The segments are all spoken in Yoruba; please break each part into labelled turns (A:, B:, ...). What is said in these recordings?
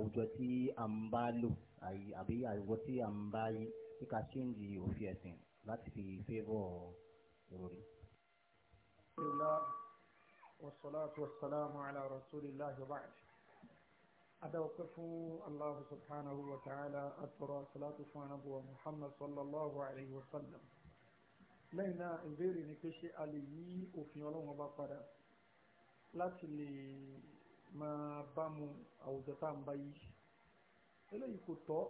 A: àwùjọ tí a ń bá lò àbí àwùjọ tí a ń bá yí kíka ṣéǹjì òfin ẹ̀sìn láti fi fẹ́bọ̀
B: ìròrí. والصلاة والسلام على رسول الله وبعد أدوقف الله سبحانه وتعالى أترى صلاة فانه محمد صلى الله عليه وسلم lẹ́yìn náà ìbéèrè ni pé ṣé a lè yí òfin ọlọ́run ọba padà láti lè máa bá mu àwùjọ tá à ń bá yìí eléyìí kò tọ́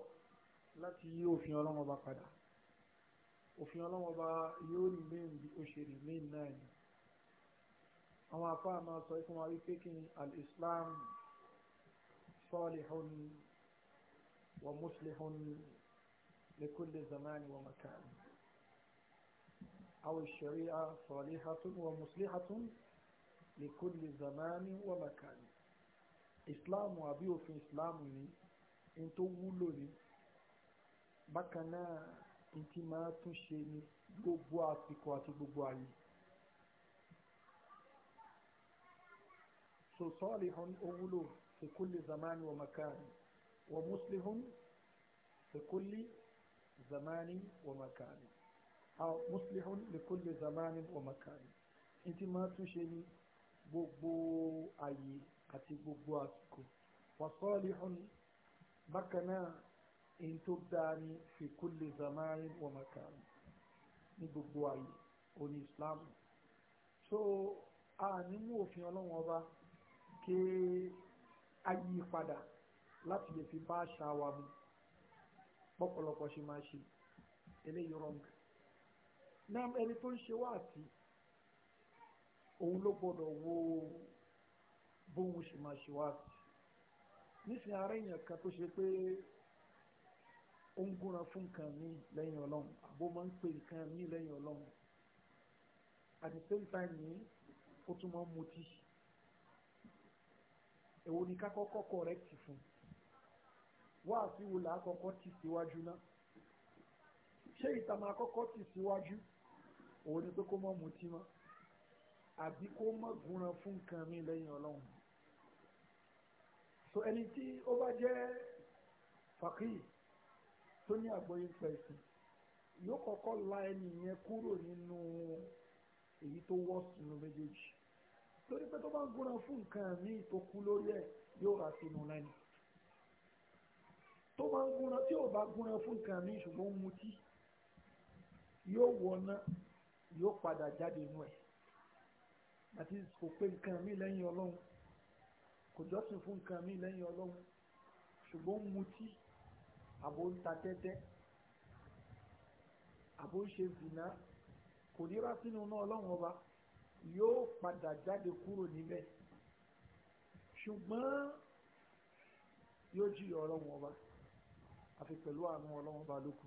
B: láti yí òfin ọlọ́wọ́n bá padà òfin ọlọ́wọ́n bá yóò ní mẹ́rin bí ó ṣe rí mẹ́rin náà ni àwọn afá máa sọ fún wa wípé kí ni al-islam salihun wa muslihun li kulli zamani wa makan aw al-sharia salihatun wa muslihatun li kulli zamani wa makan islam àbí òfin islam ni n tó wúlò ni bákan náà n ti máa tún ṣe ni gbogbo àsìkò àti gbogbo ààyè. so salihun ó wúlò fi kulli zamani wa makani wa muslihun fi kulli zamani wa makani aw muslihun li zamani wa makani n ti máa tún ṣe ni gbogbo ààyè àti gbogbo àsìkò wasalihun bákan náà èyí tó dáa ní fi kulli zamani wa ní gbogbo ààyè òní islam so a ní mú òfin ọlọ́run ọba ké ayí padà láti lè fi bá àṣà wa mu pọ̀pọ̀lọpọ̀ ṣe máa ṣe eléyìí rọ́ǹg náà ẹni tó ń ṣe wáàtí òun ló gbọ́dọ̀ wo bóun ṣe máa ṣe wá nísìnyí ara èèyàn kan tó ṣe pé ó ń gúnra fún nǹkan mi lẹ́yìn ọlọ́run àbó máa ń pè nǹkan mi lẹ́yìn ọlọ́run at the same time ni ó tún máa ń mutí èwo ni ká kọ́kọ́ kọ̀rẹ́tì fún wá àti wo là á kọ́kọ́ tì síwájú náà ṣé ìta máa kọ́kọ́ tì síwájú òun ni pé kó má mutí mọ́ àbí kó má gúnra fún nǹkan mi lẹ́yìn ọlọ́run so ẹni tí ó bá jẹ́ fàkì tó ní àgbọ́yé ń pẹ́ sí yóò kọ́kọ́ la ẹni yẹn kúrò nínú èyí tó wọ́ sínú méjèèjì torí pé tó bá ń gúnra fún nǹkan ní ìtòkú lórí ẹ̀ yóò rà sínú lẹ́nu tó bá ń gúnra tí ò bá gúnra fún nǹkan ní ṣùgbọ́n mutí yóò wọná yóò padà jáde inú ẹ̀ àti kò pé nǹkan mi lẹ́yìn ọlọ́run kò jọ́sìn fún nǹkan mi lẹ́yìn ọlọ́run ṣùgbọ́n ń mutí àbò ń ta tẹ́tẹ́ àbò ń ṣe zìnà kò níra sínú iná ọlọ́run ọba yóò padà jáde kúrò níbẹ̀ ṣùgbọ́n yóò jí ọlọ́run ọba àfi pẹ̀lú àánú ọlọ́run ọba lókù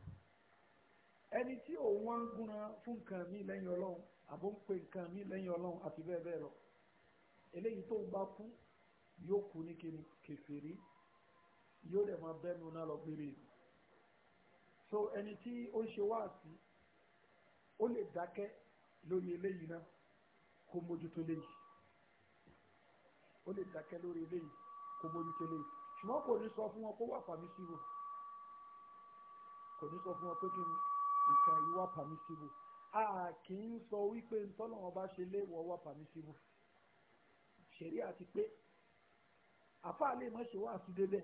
B: ẹni tí òun wá ń gúnra fún nǹkan mi lẹ́yìn ọlọ́run àbò ń pe nǹkan mi lẹ́yìn ọlọ́run àti bẹ́ẹ̀ bẹ́ẹ̀ lọ eléyìí tó bá kú yóò kú ní kèfèrí yóò dẹ̀ máa bẹ́nu náà lọ gbére ìlú so ẹni tí ó ń ṣe wáàsí ó lè dákẹ́ lórí eléyìí náà kó mójútó léyìí ó lè dákẹ́ lórí eléyìí kó mójútó léyìí ṣùgbọ́n kò ní sọ fún wọn kó wà pàmísíwò kò ní sọ fún wọn pé kí nǹkan yìí wà pàmísíwò a kì í sọ wípé ntọ́nà wọn bá ṣe léèwọ̀ wà pàmísíwò ṣẹ̀rí àti pé àfa lè mọ̀ ṣe wá sí débẹ̀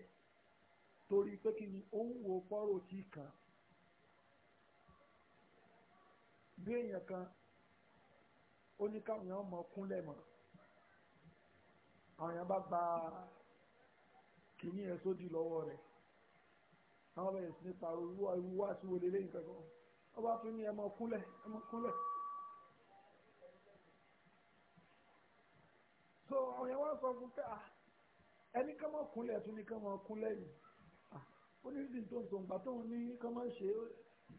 B: torí pé kí ni ó ń wo pọ́rọ̀ tí kan bí èèyàn kan ó ní káwọn èèyàn mọ kúnlẹ̀ mọ́ àwọn èèyàn bá gba kìíní ẹ̀ sódì lọ́wọ́ rẹ̀ àwọn bẹ̀rẹ̀ sí ní pariwo ìwúwá ìwúwá sí wọlé lẹ́yìn kankan wọ́n bá tún ní ẹ mọ kúnlẹ̀ ẹ mọ kúnlẹ̀. so àwọn èèyàn wá sọ fún pé ah ẹni ká máa kúnlẹ̀ tún ní ká máa kúnlẹ̀ yìí ó ní ìdí tó ń tó ń gbà tóun ní ká máa ṣe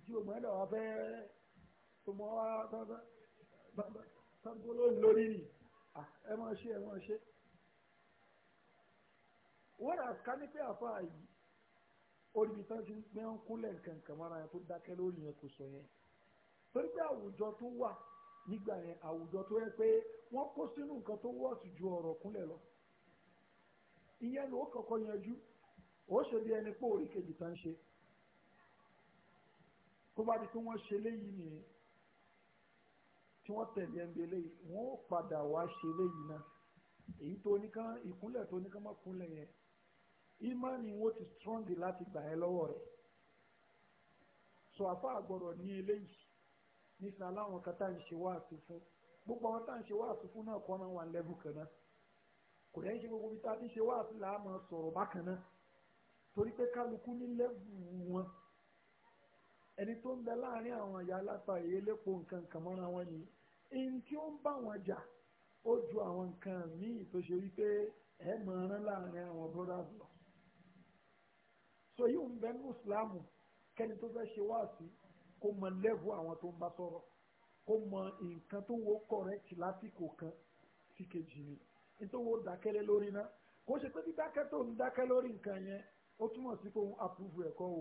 B: tí o mọ̀ ẹ́dà wá fẹ́ tó mọ̀ wá sáńtó lónìí lórí nì ẹ máa ṣe ẹ máa ṣe. wọ́n rà ká ní pé àfa yìí olùbí tán ti ń gbé ń kúnlẹ̀ nǹkankan mọ́ra yẹn tó dákẹ́ lórí yẹn kò sọ yẹn torí pé àwùjọ tó wà nígbà yẹn àwùjọ tó yẹ pé wọ́n kó sínú nǹkan tó wọ́ọ̀sì ju ọ̀rọ̀ kúnlẹ̀ lọ ìyẹn ló kọ́kọ́ yanjú ó ṣe bí ẹni pé orí kejì tán ṣe tó bá di pé wọ́n ṣe léyìí nìyẹn tí wọ́n tẹ̀lé ẹ̀ǹdẹ̀ léyìí wọ́n ó padà wá ṣe léyìí náà èyí tó oníkan ìkúnlẹ̀ tó oníkan má kúnlẹ̀ yẹn ìmánì wọn ti strong láti gbà ẹ́ lọ́wọ́ rẹ̀ sọ àfa àgbọ̀rọ̀ ní eléyìí nísìnyí aláwọn kan tá à ń ṣe wáàsí fún gbogbo àwọn tá à ń ṣe wáàsí fún náà kọ́ náà wà lẹ́bù kan náà kò dẹ́n ṣe gbogbo ibi tá a ti ṣe wá àti làá máa sọ̀rọ̀ bákan náà torí pé kálukú ní lẹ́bù wọn ẹni tó ń bẹ láàrin àwọn àyà aláta èyí lépo nǹkan kan mọ́ra wọn ni ẹni tí ó ń bá wọn jà ó ju àwọn nǹkan míì tó ṣe wípé ẹ máa láàrin àwọn brothers lọ so yìí ń bẹ ní islam kẹ́ni tó fẹ́ ṣe wáàsí kó mọ lẹ́bù àwọn tó ń bá sọ̀rọ̀ kó mọ nǹkan tó wọ́ kọ̀rẹ́tì lásìkò kan sí ni nítorí wo dákẹ́lẹ́ lórí náà kò ṣe pé dídákẹ́ tó ń dákẹ́ lórí nǹkan yẹn ó túmọ̀ sí pé òun àpúvù ẹ̀kọ́ o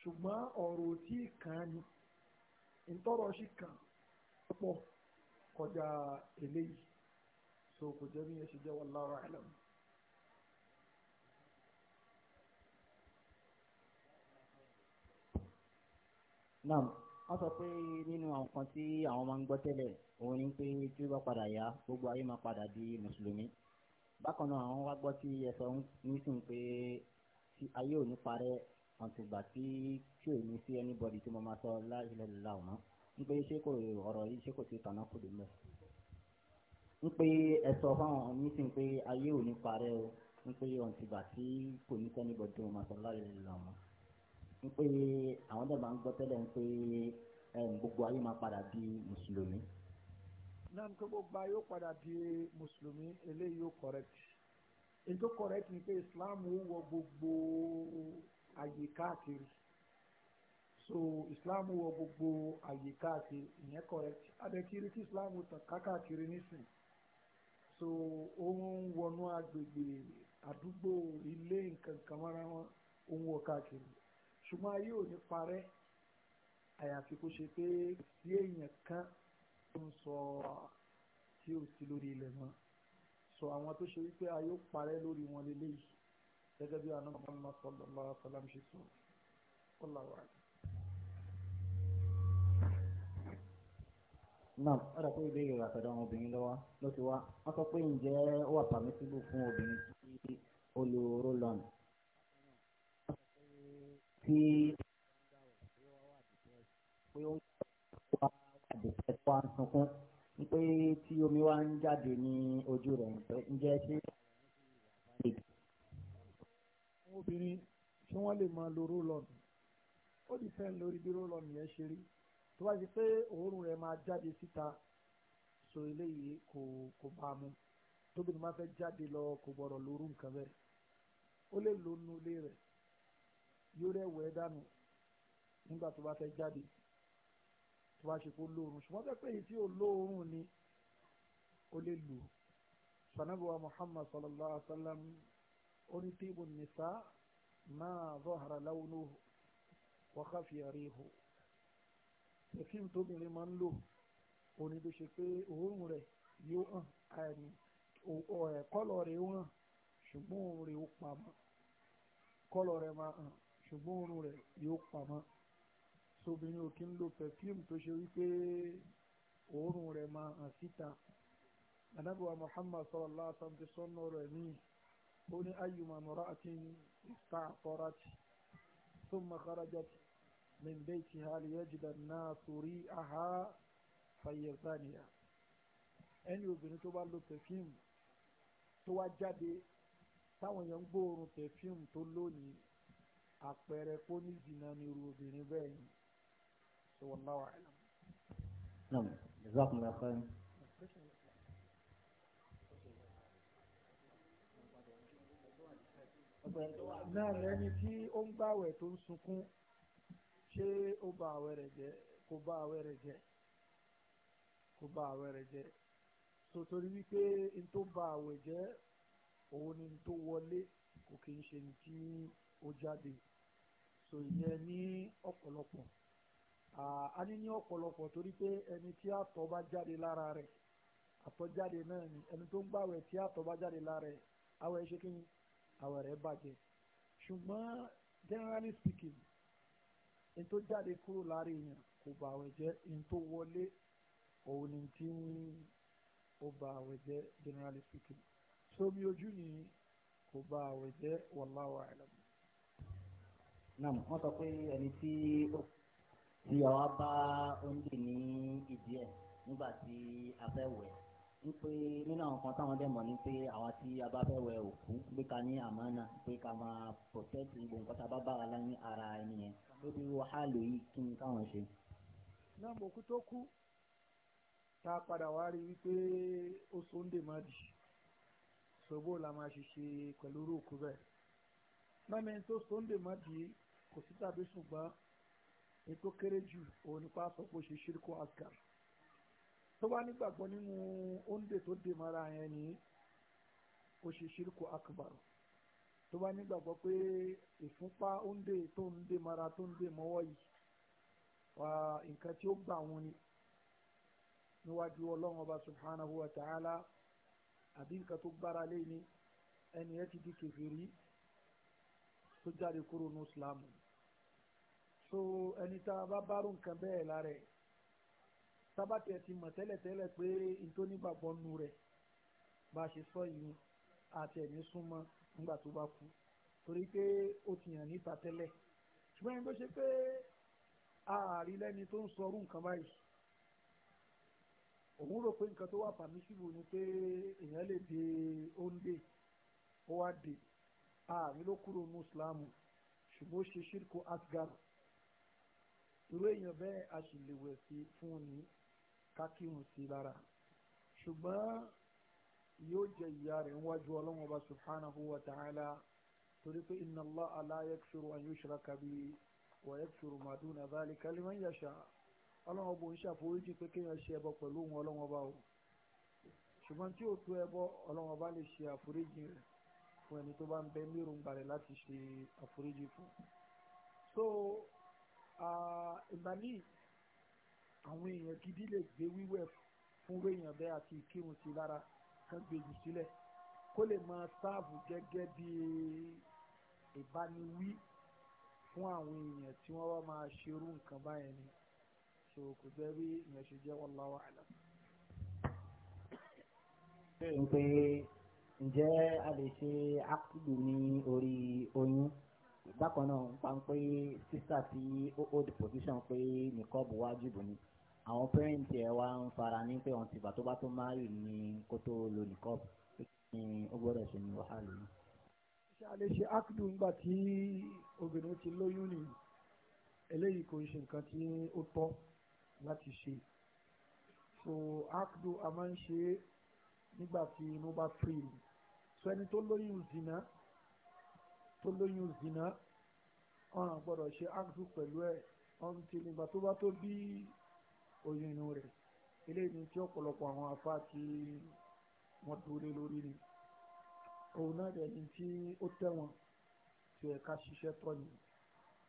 B: ṣùgbọ́n ọ̀rọ̀ tí kàn án ntọ́rọ̀ sì kàn pọ̀ kọjá eléyìí so kò jẹ́ bí yẹn ṣe jẹ́ wallahu a'lam.
A: Naam wọ́n sọ pé nínú àwọn kan tí àwọn máa ń gbọ́ tẹ́lẹ̀ òun ni pé tí ó bá padà yá gbogbo ayé máa padà di mùsùlùmí bákan náà àwọn wá gbọ́ tí ẹ sọ nísìnyí pé ayé ò ní parẹ́ àtùgbà tí tí ò ní sí anybody tí mo máa sọ láìlẹ́lẹ́lá ọ̀nà ń pé ṣé kò ọ̀rọ̀ yìí ṣé kò sí tànà kùdù mẹ́ ń pé ẹ sọ fáwọn nísìnyí pé ayé ò ní parẹ́ o ń pé àtùgbà tí kò ní sí anybody tí mo máa sọ láìlẹ́lẹ́lá ọ̀nà ń pé àwọn dẹ̀ máa ń gbọ́ tẹ́lẹ̀ ń pé gbogbo ayé máa padà di mùsùlùmí.
B: náà nípa gbogbo ayé ó padà di mùsùlùmí eléyìí ó correct èyí tó correct ni pé Islam ó wọ gbogbo ayé káàkiri so Islam ó wọ gbogbo ayé káàkiri ìyẹn correct adẹ́kiri tí Islam tàn káàkiri nísìn so ó ń wọnú agbègbè àdúgbò ilé nǹkan kan mọ́ra wọn ó ń wọ káàkiri ṣùgbọ́n ayé ò ní parẹ́ àyàfi kó ṣe pé tí èèyàn kan tó ń sọ tí ò sí lórí ilẹ̀ mọ́ sọ àwọn tó ṣe wípé ayé ò parẹ́ lórí wọn lélẹ́yìí gẹ́gẹ́ bí àná Muhammad sallallahu alaihi wasallam ṣe sọ ọ̀làwà.
A: náà ó dàpọ̀ ìbéèrè àtọ̀dọ̀ àwọn obìnrin lọ́wọ́ ló ti wá wọ́n sọ pé ǹjẹ́ ó wà pàmísíbù fún obìnrin tí ó lo roll tí pé ó wá àdìsẹ́ tó wá ń sunkún pé tí omi wá ń jáde ní ojú rẹ̀ ń jẹ́ sí.
B: àwọn obìnrin tí wọ́n lè máa lo rólọ́ọ̀nù ó di fẹ́ lórí bí rólọ́ọ̀nù yẹn ṣe rí tó bá ti pé òórùn rẹ̀ máa jáde síta so eléyìí kò kò bá a mú tóbi ni wọ́n fẹ́ jáde lọ kò gbọ́dọ̀ lórú nǹkan bẹ́ẹ̀ ó lè lo nulẹ̀ rẹ̀ yóò rẹ̀wọ̀ ẹ̀ dànù nígbà tó bá fẹ́ jáde tó bá ṣe kó lóorun ṣùgbọ́n fẹ́ pé èyí tí ò lóorun ni ó lè lò sanabuwa muhammad sallallahu alaihi wa sallam onítìbù nìsa máa zọ́hara lawnuhu wa khafiya rihu perfume tóbìnrin máa ń lò òní tó ṣe pé òórùn rẹ̀ yóò hàn kọ́lọ̀ rẹ̀ ó hàn ṣùgbọ́n òórùn rẹ̀ ó pamọ́ kọ́lọ̀ rẹ̀ máa hàn ṣùgbọ́n oorun rẹ̀ yóò pamọ́ sobìnrin ò kí ń lo perfume tó ṣe wípé oorun rẹ̀ máa hàn síta anabiwa muhammad sallallahu alaihi wa sallam ti sọ́nà rẹ̀ ní ó ní ayyuma mura'atin ista'farat thumma kharajat min baytiha liyajida an-nasu ri'aha fayyazaniya ẹni obìnrin tó bá lo perfume tó wá jáde táwọn èèyàn ń gbóòórùn perfume tó lónìí àpẹẹrẹ kó ní ìdìnnà ní irú obìnrin bẹ́ẹ̀ ni ṣe wọ́n bá wà lọ.
A: nam ìzákun lè fẹ́.
B: náà lẹ́ni tí ó ń gbàwẹ̀ tó ń sunkún ṣé ó bà àwẹ̀ rẹ̀ jẹ́ kó bà àwẹ̀ rẹ̀ jẹ́ kó bà àwẹ̀ rẹ̀ jẹ́ sotori wípé n tó bà àwẹ̀ jẹ́ òun ni n tó wọlé kò kì í ṣe ní tí ó jáde so ìyẹn ní ọ̀pọ̀lọpọ̀ a ní ní ọ̀pọ̀lọpọ̀ torí pé ẹni tí àtọ̀ bá jáde lára rẹ̀ àtọ̀ jáde náà ni ẹni tó ń gbàwẹ̀ tí àtọ̀ bá jáde lára rẹ̀ àwẹ̀ ṣe kí ni àwẹ̀ rẹ̀ bàjẹ́ ṣùgbọ́n generally speaking ẹni tó jáde kúrò lára èèyàn kò bà àwẹ̀ jẹ́ ẹni tó wọlé òun ni tí ó bà àwẹ̀ jẹ́ generally speaking sómi ojú ni kò bà àwẹ̀ jẹ́ wallahu a'lam
A: náà wọ́n sọ pé ẹni tí ó ti yà bá oúnjẹ ní ìdí ẹ̀ nígbà tí a fẹ́ wẹ̀ ń pé nínú àwọn kan táwọn dẹ̀ mọ̀ ni pé àwa tí a bá fẹ́ wẹ òkú gbé ka ní àmánà pé ká máa protect gbogbo nǹkan tá a bá bára lá ní ara ẹni yẹn lórí wàhálà yìí kí ni káwọn ṣe.
B: náà mo kú tó kú tá a padà wá rí wípé ó sóńdè má dì ṣòbó la máa ṣe ṣe pẹ̀lú orúkú bẹ́ẹ̀ mọ́mi tó sóńdè má dì í kò sí tàbí ṣùgbọ́n ní tó kéré jù òun nípa sọ pé ó ṣe ṣírkù asgar tó bá nígbàgbọ́ nínú oúnjẹ tó dè mọ́ra yẹn ni ó ṣe ṣírkù akbar tó bá nígbàgbọ́ pé ìfúnpá oúnjẹ tó ń dè mọ́ra tó ń dè mọ́wọ́ yìí wà nǹkan tí ó gbà wọn ni níwájú ọlọ́run ọba subhanahu wa ta'ala àbí nǹkan tó gbára lé ní ẹni ẹ ti di kèfèrí tó jáde kúrò ní islam so ẹni tá a bá bárò nǹkan bẹ́ẹ̀ lára ẹ̀ sábàtì ẹ̀ ti mọ̀ tẹ́lẹ̀tẹ́lẹ̀ pé ntónígbàgbọ́ nu rẹ̀ bá a ṣe sọ yìí àti ẹ̀mí súnmọ́ nígbà tó bá kú torí pé ó ti hàn níta tẹ́lẹ̀ ṣùgbọ́n ẹni tó ṣe pé ààrí lẹ́ni tó ń sọrú nǹkan báyìí òun rò pé nǹkan tó wà pàmísìbò ni pé èèyàn lè de òǹdè ó wá dé ààrí ló kúrò ní islam ṣùgbọ́n ó ṣe ṣírkù asgar irú èèyàn bẹ́ẹ̀ a sì lè wẹ̀ sí fún un ní kákíhùn sí lára ṣùgbọ́n yóò jẹ ìyá rẹ̀ níwájú ọlọ́run ọba subhanahu wa ta'ala torí pé inna Allaha la yaghfiru an yushraka bihi wa yaghfiru ma duna dhalika liman yasha ọlọ́run ọba òun ṣàforíjì pé kéèyàn ṣe ẹbọ pẹ̀lú òun ọlọ́run ọba o ṣùgbọ́n tí ó tó ẹbọ ọlọ́run ọba lè ṣe àforíjì rẹ̀ fún ẹni tó bá ń bẹ ní èròǹgbà rẹ̀ láti ṣe àforíjì fún. so ìgbà míì àwọn èèyàn gidi lè gbé wíwẹ̀ fún èèyàn bẹ́ẹ̀ àti ìkírun sí lára kan gbèjì sílẹ̀ kó lè máa sáàbù gẹ́gẹ́ bí ìbániwí fún àwọn èèyàn tí wọ́n bá máa ṣerú nǹkan báyẹn ni so kò jẹ́ bí ìyẹn ṣe jẹ́ wallahu a'lam.
A: pé ǹjẹ́ a lè ṣe ákùdù ní orí oyún bákan náà nípa pé sísà tí ó hold position pé nìkọ́ọ̀bù wájìbù ni àwọn pẹ́rẹ́ǹtì ẹ̀ wá ń fara ní pé wọ́n ti gbà tó bá tó máa rì ní kó tó lo nìkọ́ọ̀bù ní ó gbọ́dọ̀ ṣe ní wàhálà yìí.
B: ṣé a ṣe ákìdù nígbà tí obìnrin ti lóyún ni eléyìí kò ṣe nǹkan tí ó tọ́ láti ṣe so ákìdù a máa ń ṣe nígbà tí inú bá firi so ẹni tó lóyún zina tó lóyún zina ọ̀ràn gbọ́dọ̀ ṣe áàdù pẹ̀lú ẹ̀ ọ̀n ti nígbà tó bá tó bí oyún rẹ̀ eléyìí ni tí ọ̀pọ̀lọpọ̀ àwọn afá tí wọ́n dúró lórí ni òun náà dẹ̀ ni tí ó tẹ̀wọ̀n tí ẹ̀ka ṣiṣẹ́ tọ́ ni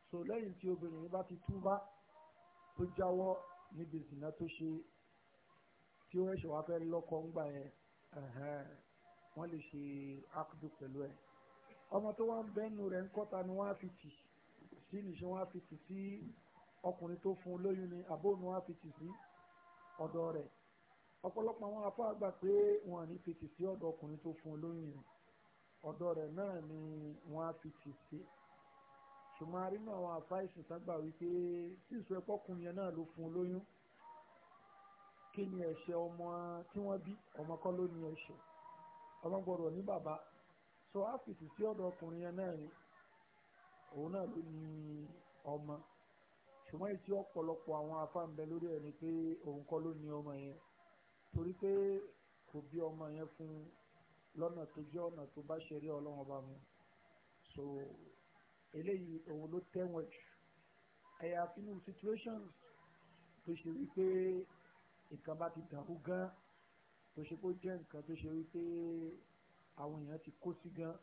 B: so lẹ́yìn tí obìnrin yìí bá ti túbá tó jáwọ́ níbi zina tó ṣe tí ó ẹ̀ṣọ́ wa fẹ́ lọ́kọ ńgbà yẹn wọ́n lè ṣe áàdù pẹ̀lú ẹ̀ ọmọ tó wá ń bẹ́nu rẹ̀ ń kọ́ta ni wọ́n á fi tì sí nìṣẹ́ wọ́n á fi tì sí ọkùnrin tó fún un lóyún ni àbó ni wọ́n á fi tì sí ọ̀dọ̀ rẹ̀ ọ̀pọ̀lọpọ̀ àwọn afá gbà pé wọ́n ní fi tì sí ọ̀dọ̀ ọkùnrin tó fún un lóyún yẹn ọ̀dọ̀ rẹ̀ náà ni wọ́n á fi tì sí ṣùgbọ́n a rí náà àwọn afá ìṣùtàgbà wípé sísọ ẹ̀kọ́ ọkùnrin yẹn náà ló fún un lóyún so áfíìsì sí ọ̀dọ̀ ọkùnrin yẹn náà ni òun náà ló ní ọmọ ṣùgbọ́n èyí tí ọ̀pọ̀lọpọ̀ àwọn afáǹbẹ lórí ẹ̀ ni pé òun kọ́ ló ní ọmọ yẹn torí pé kò bí ọmọ yẹn fún lọ́nà tó jẹ́ ọ̀nà tó bá ṣeré ọlọ́run ọba mu so eléyìí òun ló tẹ̀wọ̀n jù ẹ̀yà àfinú situations tó ṣe wípé nǹkan bá ti dàrú gan tó ṣe kó jẹ́ nǹkan tó ṣe wípé àwọn èèyàn ti kó sí gan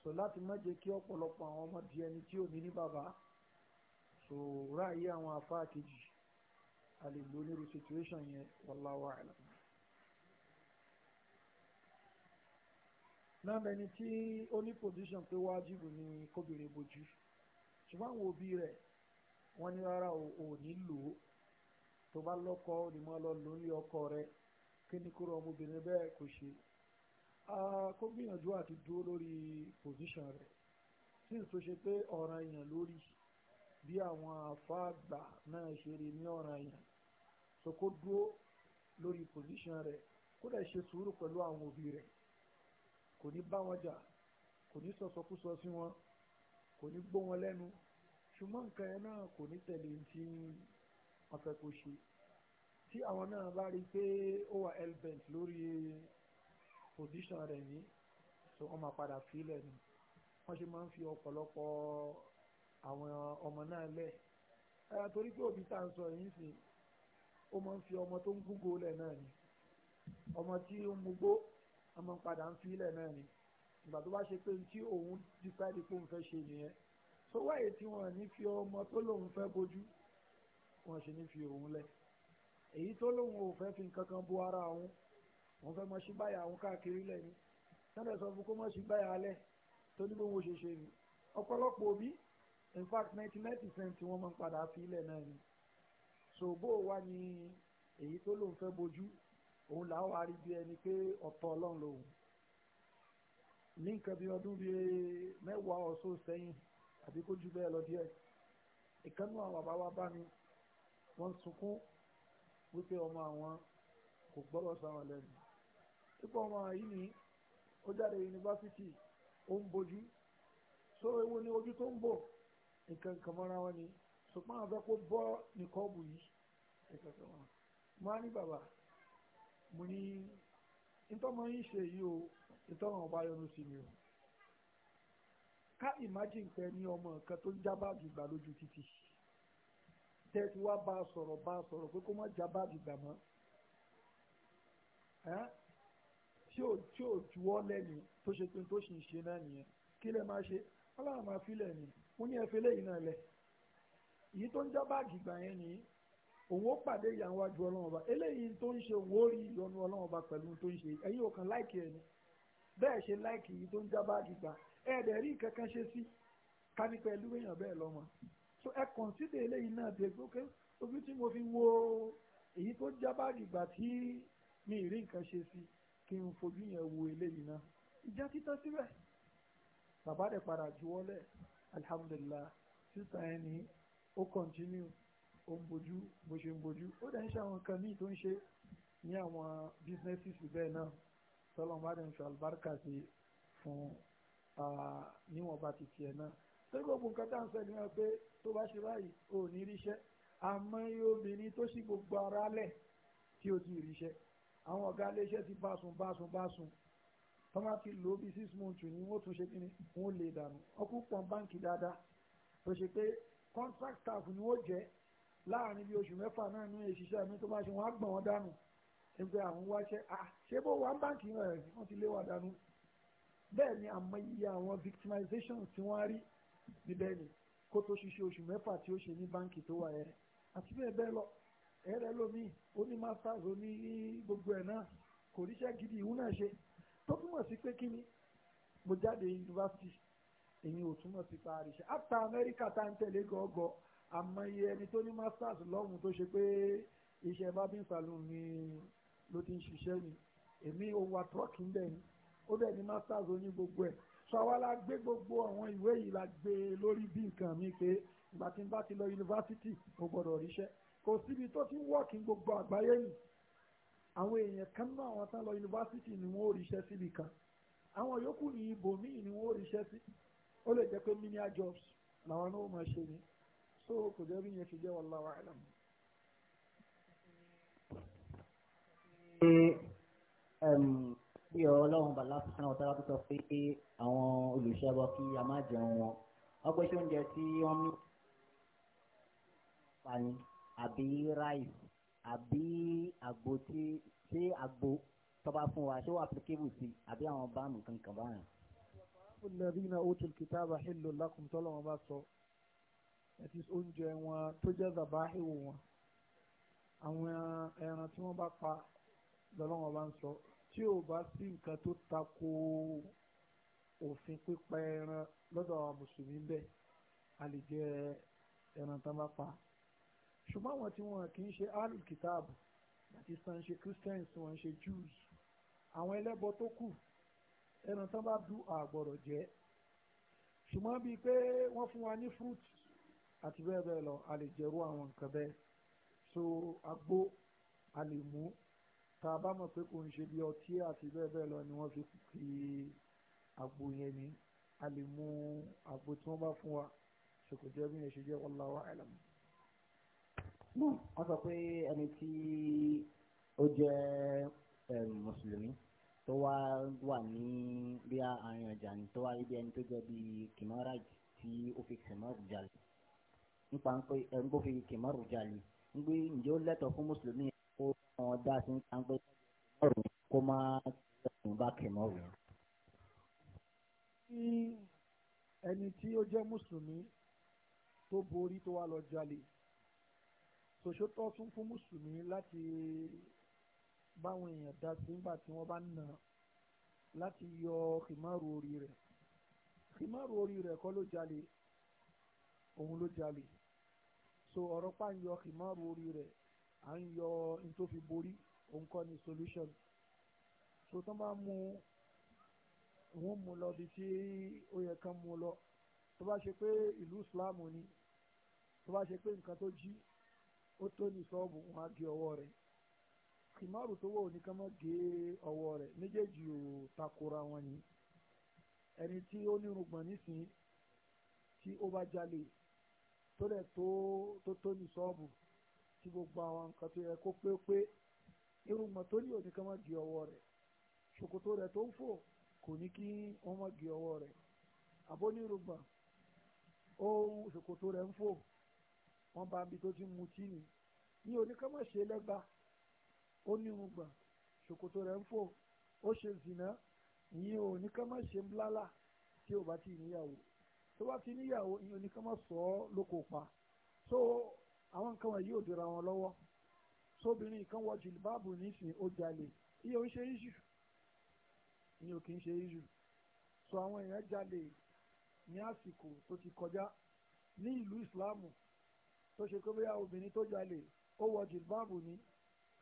B: so láti má jẹ́ kí ọ̀pọ̀lọpọ̀ àwọn ọmọ di ẹni tí ò ní ní bàbá so ráàyè àwọn afáà kejì a lè lo onírú situation yẹn wallahu a'lam. náà ẹni tí ó ní position pé wájìbù ni kóbìnrin bojú ṣùgbọ́n àwọn òbí rẹ̀ wọ́n ní rárá ò ní lò ó tó bá lọ́kọ ò ní mọ́ lọ lórí ọkọ rẹ̀ kí ni kúrò ọmọbìnrin bẹ́ẹ̀ kò ṣe kó gbìyànjú àti dúró lórí position rẹ̀ tí n tó ṣe pé ọ̀ràn èèyàn lórí bí àwọn afáàgbà náà ṣe rí ní ọ̀ràn èèyàn so kó dúró lórí position rẹ̀ kó dẹ̀ ṣe sùúrù pẹ̀lú àwọn òbí rẹ̀ kò ní bá wọn jà kò ní sọ̀sọkúsọ sí wọn kò ní gbó wọn lẹ́nu ṣùgbọ́n nǹkan ẹ̀ náà kò ní tẹ̀lé tí wọ́n fẹ́ kó ṣe tí àwọn náà bá rí pé ó wà elbent lórí position rẹ̀ ní so wọ́n máa padà fílẹ̀ ni wọ́n ṣe máa ń fi ọ̀pọ̀lọpọ̀ àwọn ọmọ náà lẹ̀ ẹ̀ torí pé òbí tá à ń sọ yìí sì ó máa ń fi ọmọ tó ń gúngo lẹ̀ náà ni ọmọ tí ó ń mugbó ọmọ padà ń fílẹ̀ náà ni ìgbà tó bá ṣe pé tí òun decide pé òun fẹ́ ṣe nìyẹn so wáyé tí wọ́n ní fi ọmọ tó lòun fẹ́ bójú wọ́n ṣe ní fi òun lẹ̀ èyí tó lòun ò fẹ́ fi nǹkan bo ara òun wọ́n fẹ́ mọ sí báyà àwọn káàkiri lẹ́nu sẹ́dẹ̀ sọ fún kó mọ sí báyà alẹ́ tó ní bóun ṣe ṣe ni ọ̀pọ̀lọpọ̀ òbí in fact ninety nine percent wọ́n máa ń padà fi ilẹ̀ náà ni so bó o wá ní èyí tó lòun fẹ́ bojú òun là á wá rí bí ẹni pé ọ̀tọ̀ ọlọ́run lòun ní nǹkan bí ọdún bíi mẹ́wàá ọ̀sọ́ sẹ́yìn àbí kó jù bẹ́ẹ̀ lọ díẹ̀ ìkànnì àwọn bàbá wa bá mi wọ́n sunkún wípé ọmọ àwọn kò gbọ́dọ̀ sáwọn lẹ́nu pípọ̀ ọmọ yìí ni ó jáde yunifásitì ó ń bojú so ewu ni ojú tó ń bò nǹkan kan mọ́ra wọn ni ṣùgbọ́n àwọn fẹ́ kó bọ́ nìkan bù yìí nǹkan ní bàbá mo ní ìtọ́mọ yín ṣe yìí o ìtọ́mọ ọba yọnu sí mi o ká imagine pé ní ọmọ kan tó ń já báàgì gbà lójú títì tẹ́ ti wá bá a sọ̀rọ̀ bá a sọ̀rọ̀ pé kó má já báàgì gbà mọ́ tí ò tí ò juwọ́ lẹ́nu tó ṣe pin tó sì ń ṣe náà nìyẹn kí lẹ máa ṣe ọlọ́run máa fi lẹ̀ ni mo ní ẹ̀fẹ́ lẹ́yìn náà lẹ̀ èyí tó ń já báàgì gbà yẹn nìyí òun ó pàdé ìyàwó àjọ ọlọ́run ọba eléyìí tó ń ṣe òun ó rí ìyọnu ọlọ́run ọba pẹ̀lú tó ń ṣe ẹ̀yin ò láìkì ẹ̀ ni bẹ́ẹ̀ ṣe láìkì yìí tó ń já báàgì gbà ẹ̀ẹ́dẹ̀ rí kankan ṣe sí kání pẹ̀lú èèyàn bẹ́ẹ̀ lọ́mọ so ẹ kọ̀nsídẹ̀ eléyìí náà dé gbókè ojú tí mo fi wo èyí tó já báàgì gbà tí mi ì rí nǹkan ṣe sí kí n fojú yẹn wo eléyìí náà ìjà títọ́ síbẹ̀ bàbá rẹ̀ padà juwọ́lẹ̀ alihamudulilayi sísá ẹni ó kọ̀ntínú ó ń bojú bó ṣe ń bojú ó dẹ̀ ń ṣe àwọn kan míì tó ń ṣe ní àwọn bísínẹ́sìsì bẹ́ẹ̀ náà tọ́lọ́mù bá dẹ̀ ń ṣe àlùbáríkà sí fún níwọ̀n bá ti tiẹ̀ náà torí gbogbo nǹkan tá à ń sọ ni wọn pé tó bá ṣe báyìí ò ní ríṣẹ́ àmọ́ iye obìnrin tó ṣí gbogbo ara lẹ̀ tí ó ti ríṣẹ́ àwọn ọ̀gá iléeṣẹ́ ti básun básun básun tọ́mà ti lò bí six months ni wọ́n tún ṣe kí ni wọ́n lè dànù ọkùn pọ̀n báǹkì dáadáa tó ṣe pé contract staff ni wọ́n jẹ́ láàrin bí oṣù mẹ́fà náà ní ìṣiṣẹ́ mi tó bá ṣe wọ́n á gbọ̀n wọn dànù ẹgbẹ́ àwọn wáṣẹ́ à ah, ṣé bó wà báǹkì rẹ̀ wọ́n ti lé wa dànù bẹ́ẹ̀ ni àmọ́ iye àwọn victimization tí wọ́n rí níbẹ̀ ni kó tó ṣiṣẹ́ oṣù mẹ́fà tí ó ṣe ní báǹkì tó wà yẹn àti bẹ́ẹ̀ bẹ́ẹ̀ lọ ẹ̀rẹ́ lómi oní masters oní gbogbo ẹ̀ náà kò ríṣẹ́ gidi ìhun náà ṣe tó túmọ̀ sí pé kí ni mo jáde yunifásitì èyí ò túmọ̀ sí pa àríṣẹ́ àtà amẹ́ríkà tá ń tẹ̀lé gọ́gọ́ àmọye ẹni tó ní masters lọ́hùn tó ṣe pé iṣẹ́ bábíń salon ni ló ti ń ṣiṣẹ́ ni èmi òun àtúrọ́kì ń bẹ̀ ni ó bẹ̀ ní masters oní gbogbo ẹ̀ sọ àwa la gbé gbogbo àwọn ìwé yìí la gbé lórí bí nǹkan mi pé ìgbà tí n bá ti lọ yunifásitì mo gbọ́dọ̀ ríṣẹ́ kò síbi tó ti ń wọ́ọ̀kì gbogbo àgbáyé yìí àwọn èèyàn kan náà àwọn tán lọ yunifásitì ni wọ́n ò ríṣẹ́ síbi kan àwọn yòókù ní ibòmíì ni wọ́n ò ríṣẹ́ sí ó lè jẹ́ pé menial jobs làwọn náà ó máa ṣe ni so kò jẹ́ bí yẹn ti jẹ́ wallahu a'lam.
A: ṣé bí ọlọ́run bàlá fún ọ̀tá wa tó sọ pé àwọn olùṣẹ́bọ kí a má jẹun wọn ọgbẹ́ ṣé oúnjẹ tí wọ́n mú pa ni àbí rice àbí àgbo tí ṣé àgbo
B: tọ́ba fún wa ṣé wà applicable
A: sí àbí àwọn báàmù kankan báyìí.
B: alladhina utul kitaba hillun lakum tọ́lọ́ wọn bá sọ ẹtí oúnjẹ wọn tó jẹ́ zabahiwo wọn àwọn ẹran tí wọ́n bá pa lọ́lọ́wọ́n bá ń sọ tí ò bá sí nǹkan tó tako òfin pípa ẹran lọ́dọ̀ àwọn mùsùlùmí bẹ́ẹ̀ a ẹran tán bá pa ṣùgbọ́n àwọn tí wọn kì í ṣe alul àti sàn ṣe christians wọn ṣe jews àwọn ẹlẹ́bọ tó kù ẹran tán bá du àgbọ̀rọ̀ jẹ́ ṣùgbọ́n bíi pé wọ́n fún wa ní fruit àti bẹ́ẹ̀ bẹ́ẹ̀ lọ a lè jẹ̀rú àwọn nǹkan bẹ́ẹ̀ so agbó a lè mú tá a bá mọ̀ pé kò ń ṣe bí ọtí àti bẹ́ẹ̀ bẹ́ẹ̀ lọ ni wọ́n fi fi àgbo yẹn ni a lè mú àgbo tí wọ́n bá fún wa ṣe kò jẹ́ bí yẹn ṣe jẹ́ wallahu a'lam
A: wọ́n sọ pé ẹni tí ó jẹ́ mùsùlùmí tó wá wà ní bí àárín ọjà ni tó wá rí bí ẹni tó jẹ́ bí kìmọ́ràjì tí ó fi kìmọ́rù jalè nípa pé ẹni tó fi kìmọ́rù jalè ń gbé ǹjẹ́ ó lẹ́tọ̀ fún mùsùlùmí kó wọn dá sí nípa pé kìmọ́rù kó má tẹ̀sán bá kìmọ́rù.
B: ẹni tí ó jẹ́ mùsùlùmí tó borí tó wá lọ jalè sòṣó tọ́ tún fún mùsùlùmí láti báwọn èèyàn dá sí nígbà tí wọ́n bá nà láti yọ kìmáàrù orí rẹ̀ kìmáàrù orí rẹ̀ kọ́ ló jalè òun ló jalè so ọ̀rọ̀ pa ń yọ kìmáàrù orí rẹ̀ à ń yọ nítòfi borí òun kọ́ ni solution so tán bá mú òun mú lọ bí tí ó yẹ kán mú lọ tó bá ṣe pé ìlú islam ni tó bá ṣe pé nǹkan tó jí ó tó ní bụ wọn á gé ọwọ́ rẹ̀ kìmọ́rù tó wọ̀ ní kama gé ọwọ́ méjèèjì ò takora wọn ẹni tí ó nírùngbọ̀n nísìnyí tí ó bá jalè tó dẹ̀ tó tó tó ní tí gbogbo àwọn nǹkan tó yẹ kó pé tó ní ò ní gé tó ń fò kò ní kí má gé wọ́n bá bí tó ti mutí ni ní oníkàmọ̀ṣe lẹ́gba ó ní irun gbọ̀n ṣòkòtò rẹ̀ ń fò ó ṣe zìnà ìyẹn ò ní ká má ṣe ń blálà tí ò bá ti níyàwó tó bá ti níyàwó ìyẹn ò ní ká má sọ ọ́ lóko pa so àwọn nǹkan wọ̀nyí ò dira wọn lọ́wọ́ sóbìnrin kan wọ jìlìbáàbù nísìnyí ó jalè iye ò ń ṣe iṣu ìyẹn ò kì í ṣe iṣu so àwọn èèyàn jalè ní àsìkò tó ti kọjá ní ìlú ìsìláàmù tó ṣe pé bóyá obìnrin tó jalè ó wọ jìlbáàbù ni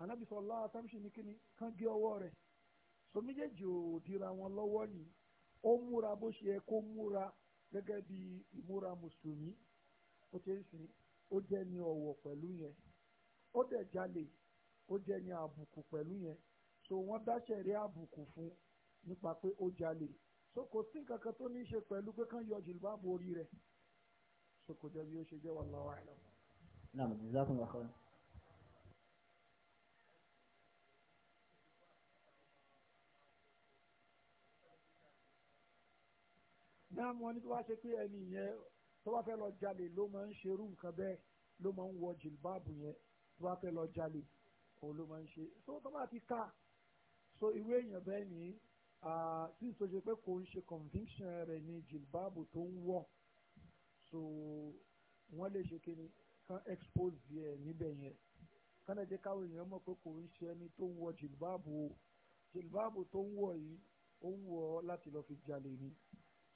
B: ànábì sallallahu alaihi wasallam ní kíni kán gé ọwọ́ rẹ̀ so méjèèjì ò dira wọn lọ́wọ́ ni ó múra bó ṣe yẹ kó múra gẹ́gẹ́ bí ìmúra mùsùlùmí ó ti ń sìn ó jẹ́ ní ọ̀wọ̀ pẹ̀lú yẹn ó dẹ̀ jalè ó jẹ́ ní àbùkù pẹ̀lú yẹn so wọ́n dáṣẹ̀ rí àbùkù fún nípa pé ó jalè so kò sí nǹkan kan tó ní í ṣe pẹ̀lú pé kán yọ jìlbáàbù orí rẹ̀ so kò jẹ́ bí ó ṣe jẹ́ wallahu a'lam.
A: نعم جزاكم الله خيرا
B: náà wọn ní tó wá ṣe pé ẹni yẹn tó bá fẹ́ lọ jalè ló máa ń ṣerú nǹkan bẹ́ẹ̀ ló máa ń wọ jìlbáàbù yẹn tó bá fẹ́ lọ jalè òun ló máa ń ṣe so tó bá ti ká so irú èèyàn bẹ́ẹ̀ ni tí n tó ṣe pé kò ń ṣe conviction rẹ̀ ni jìlbáàbù tó ń wọ̀ so wọ́n lè ṣe kí ni kan expose ẹ̀ níbẹ̀ yẹn kánà jẹ́ káwọn èèyàn mọ̀ pé kò ń ṣe ẹni tó ń wọ jìlbáàbù o jìlbáàbù tó ń wọ yìí ó ń wọ láti lọ́ọ́ fi jalè ni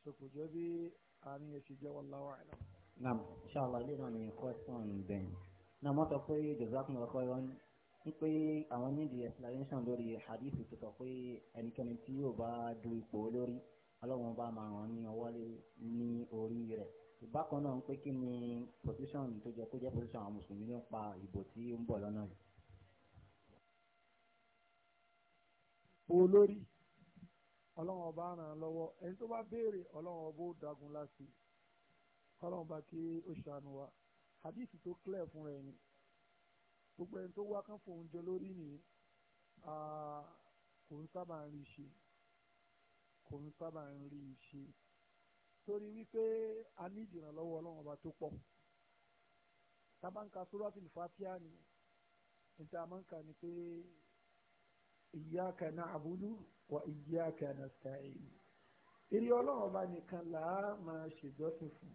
B: sọ̀kò jẹ́ bí àárín ẹ̀ ṣe jẹ́ wallahu a'lam.
A: naam inshallah ilé náà ni question bẹ́ẹ̀ náà wọ́n sọ pé jazakumullahu khairan ń pé àwọn nídìí explanation lórí hadith tó sọ pé ẹnikẹ́ni tí yóò bá du ipò lórí ọlọ́run bá máa ràn ní ọwọ́ ní orí rẹ̀ bákan náà ń pé kí ni position tó jẹ kó jẹ position àwọn mùsùlùmí nípa ìbò tí ó ń bọ̀ lọ́nà yìí.
B: olórí ọlọ́run ọba ràn án lọ́wọ́ ẹni tó bá béèrè ọlọ́run ọba ó dagun láti ọlọ́run bá kí ó ṣàánú wa hadith tó clear fún rẹ̀ ni gbogbo ẹni tó wá kán fòun jọ lórí nìyí kò ń sábà ń rí i ṣe kò ń sábà rí i ṣe torí wípé a ní ìdìrànlọ́wọ́ ọlọ́run ọba tó pọ̀ tabanka suratul fatiha ni níta amanka ni pé iyyaka na'budu wa iyyaka nasta'in eré ọlọ́run ọba nìkan là á máa ṣèjọ́sìn fún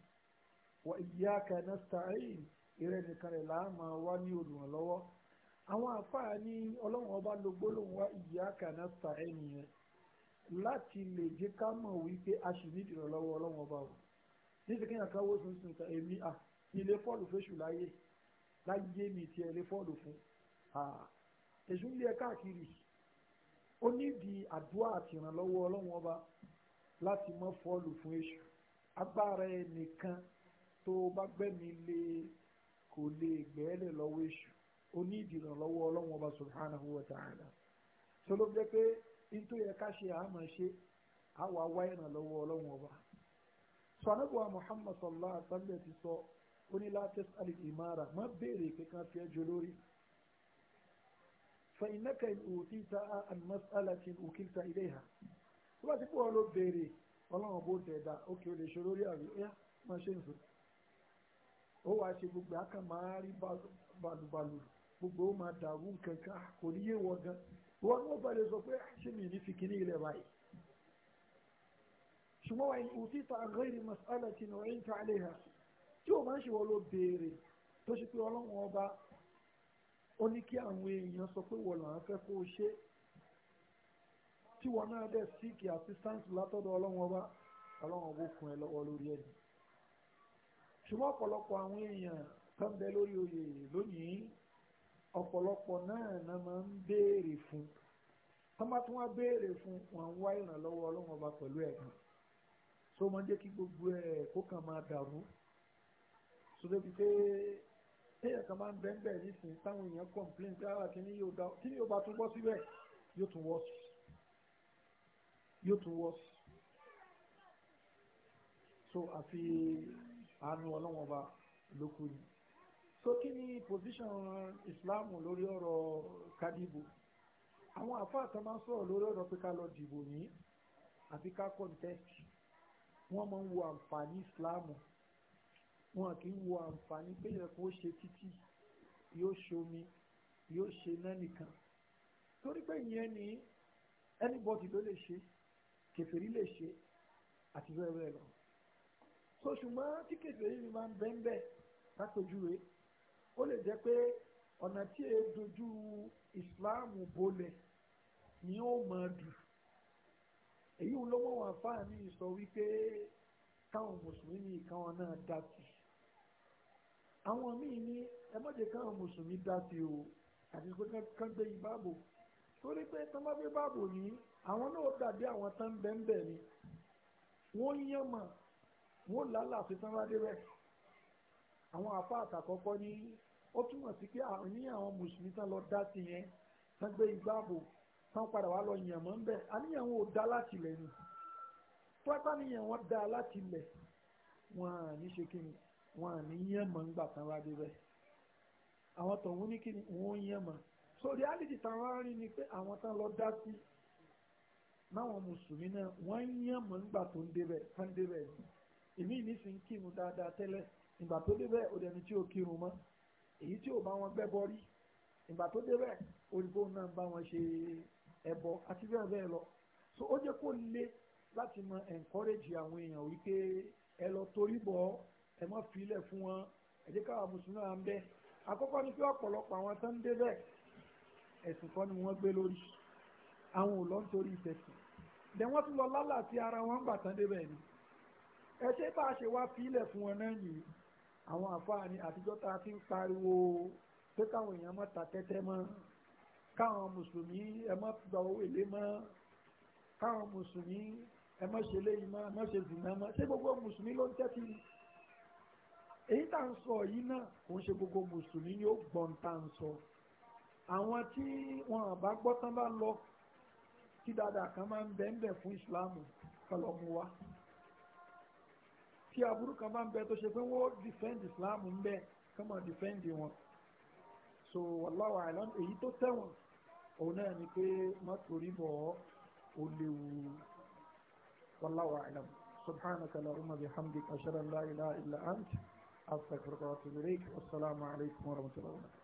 B: wa iyyaka nasta'in ìrẹ́ nìkan rẹ̀ là á máa wá ní olùrànlọ́wọ́ àwọn àfáà ní ọlọ́run ọba ló gbólóhùn wa iyyaka nasta'in yẹn láti lè jẹ́ ká mọ̀ wípé a sì ní ìrànlọ́wọ́ ọlọ́wọ́n ọba o níbi kéèyàn kan wó tuntun kan èmi à ilé fọ́ọ̀lù fẹ́ṣù láyé láyé mi ti ẹ̀ lé fọ́ọ̀lù fún èṣù ń lé ẹ káàkiri ó nídìí àdúrà àti ìrànlọ́wọ́ ọlọ́wọ́n ọba láti mọ́ fọ́ọ̀lù fún èṣù agbára ẹ nìkan tó bá gbẹ́mi lé kò lè gbẹ́lẹ̀ lọ́wọ́ èṣù ó ní ìdìrànlọ́wọ́ ọlọ́wọ́n ọba subhanahu wa nítorí yẹ ká ṣe àmọ́ ṣe àwa wá ìrànlọ́wọ́ ọlọ́run ọba sọ anábọ̀wá muhammad sallallahu alaihi wasallam ti sọ ó ní la tas'al imara má béèrè kankan fi ẹjọ́ lórí fa innaka in utita an mas'alatin ukilta ilayha tó bá ti pọ̀ ló béèrè ọlọ́run bó tẹ̀ dá ókè ó lè ṣe lórí àrí ẹ́ máa ṣe nìṣó ó wàá ṣe gbogbo àkàmárì balùbalù gbogbo ó máa dàrú nǹkan kò ní yé wọ gan wọn náà balẹ̀ sọ pé ah, ṣé mi ní fi kíní ilẹ̀ báyìí ṣùgbọ́n wa ni òtí ta àgbẹ̀rì masala ti nà ẹ̀yìn ta àlẹ́ ha tí o máa ń ṣe wọ́n ló béèrè tó ṣe pé ọlọ́run ọba ó ní kí àwọn èèyàn sọ pé wọ́n làwọn fẹ́ kó o ṣe tí wọn náà dẹ̀ síkì assistance látọ̀dọ̀ ọlọ́run ọba ọlọ́run ọba ó ẹ lọ́wọ́ lórí ẹ̀yìn ṣùgbọ́n ọ̀pọ̀lọpọ̀ àwọn èèyàn kan bẹ lórí oyè lónìí ọ̀pọ̀lọpọ̀ náà ná máa ń béèrè fún tọ́mọ tí wọ́n béèrè fún wọn ń wá ìrànlọ́wọ́ ọlọ́run ọba pẹ̀lú ẹ̀gbọ́n tó máa ń jẹ́ kí gbogbo ẹ̀ kó kàn máa dàrú sódòbí pé téèyàn kan máa ń bẹ́ẹ̀ nísìnyí táwọn èèyàn complain pé ara ah, kìíní yóò da kìíní yóò bá tún bọ́ síbẹ̀ yóò tún wọ́ sí yóò tún wọ́ sí so àfi àánú ọlọ́run ọba lókun ni so kí ni position Islam lórí ọ̀rọ̀ kadibu àwọn àfáà kan máa ń sọ̀rọ̀ lórí ọ̀rọ̀ pé ká lọ dìbò ní àbí ká contest wọ́n máa ń wo àǹfààní Islam wọn kì í wo àǹfààní pé yẹ kó ṣe títì yóò ṣomi yóò ṣe náà nìkan torí pé ìyẹn ni anybody ló lè ṣe kèfèrí lè ṣe àti bẹ́ẹ̀ bẹ́ẹ̀ lọ so ṣùgbọ́n tí kèfèrí mi máa ń bẹ́ẹ̀ bẹ́ẹ̀ ká pèjúwe ó lè jẹ́ pé ọ̀nà tí e dojú ìsìláàmù bolẹ̀ ni ó máa dù èyí ló mọ̀ wọ́n àǹfààní sọ wípé káwọn mùsùlùmí káwọn náà dá sí àwọn míì ní ẹ má jẹ́ káwọn mùsùlùmí dá sí o àti pé kán gbé yín báàbò torí pé tán bá gbé báàbò ní àwọn náà dàbí àwọn tán bẹ́ẹ̀ ni wọ́n yán mọ̀ wọ́n làálàá fi tán bá débẹ̀ àwọn àpá àtàkọ́kọ́ ní ó túmọ̀ sí pé àní àwọn mùsùlùmí tán lọ dá sí yẹn tán gbé igbá bò tán padà wá lọ yàn mọ́ ń bẹ̀ àníyàn wọn ò dá láti lẹ̀ ni tọ́pá níyàn wọn dá láti lẹ̀ wọn à ní ṣe kí ni wọn à ní yàn mọ́ ń gbà tán wá dé àwọn tọ̀hún ní kí ni wọn ò yàn mọ́ so reality tán wá rí ni pé àwọn tán lọ dá sí náwọn mùsùlùmí náà wọ́n yàn mọ́ ń gbà tó ń débẹ̀ tán débẹ̀ ìmí ìnísìn kírun dáadáa tẹ́lẹ̀ ìgbà tó débẹ̀ òdẹni tí ó kírun mọ́ èyí tí ò bá wọn gbẹ́ bọ́ rí ìgbà tó débẹ̀ olùkó náà bá wọn ṣe ẹbọ àti bẹ́ẹ̀ bẹ́ẹ̀ lọ so ó jẹ́ kó le láti mọ encourage àwọn èèyàn wípé ẹ lọ torí bọ̀ ẹ mọ́ filẹ̀ fún wọn ẹ jẹ́ káwa mùsùlùmí à ń bẹ́ àkọ́kọ́ ni pé ọ̀pọ̀lọpọ̀ àwọn tó ń débẹ̀ ẹ̀sìn kan ni wọ́n gbé lórí àwọn ò lọ nítorí ìtẹ̀sìn dẹ̀ wọ́n tún lọ lálàá sí ara wọn gbà tán débẹ̀ ni ẹ ṣe bá a ṣe wá filẹ̀ fún wọn náà yìí àwọn àfáà ni àtijọ́ ta fi ń pariwo pé káwọn èèyàn má ta tẹ́tẹ́ mọ́ káwọn mùsùlùmí ẹ má gba owó èlé mọ́ káwọn mùsùlùmí ẹ má ṣe léyìí mọ́ ẹ má ṣe zìnà mọ́ ṣé gbogbo mùsùlùmí ló ń tẹ́tí èyí tá ń sọ yìí náà kò ń ṣe gbogbo mùsùlùmí ni ó gbọ́n tá ń sọ àwọn tí wọn àbá gbọ́ tán bá lọ tí dáadáa kan máa ń bẹ́ẹ̀ bẹ́ẹ̀ fún ìsìláàmù kọlọ́mù wa tí aburú kan bá ń bẹ tó ṣe pé wọ́n defend islam ń bẹ kọ́mọ defend wọn so wallahu a'lam èyí tó tẹ̀wọ̀n òun náà ni pé má torí bọ̀ ó léwu wallahu a'lam subhanaka allahumma bihamdika ashhadu an la ilaha illa ant astaghfiruka wa atubu ilayk wassalamu alaykum wa rahmatullahi wa barakatuh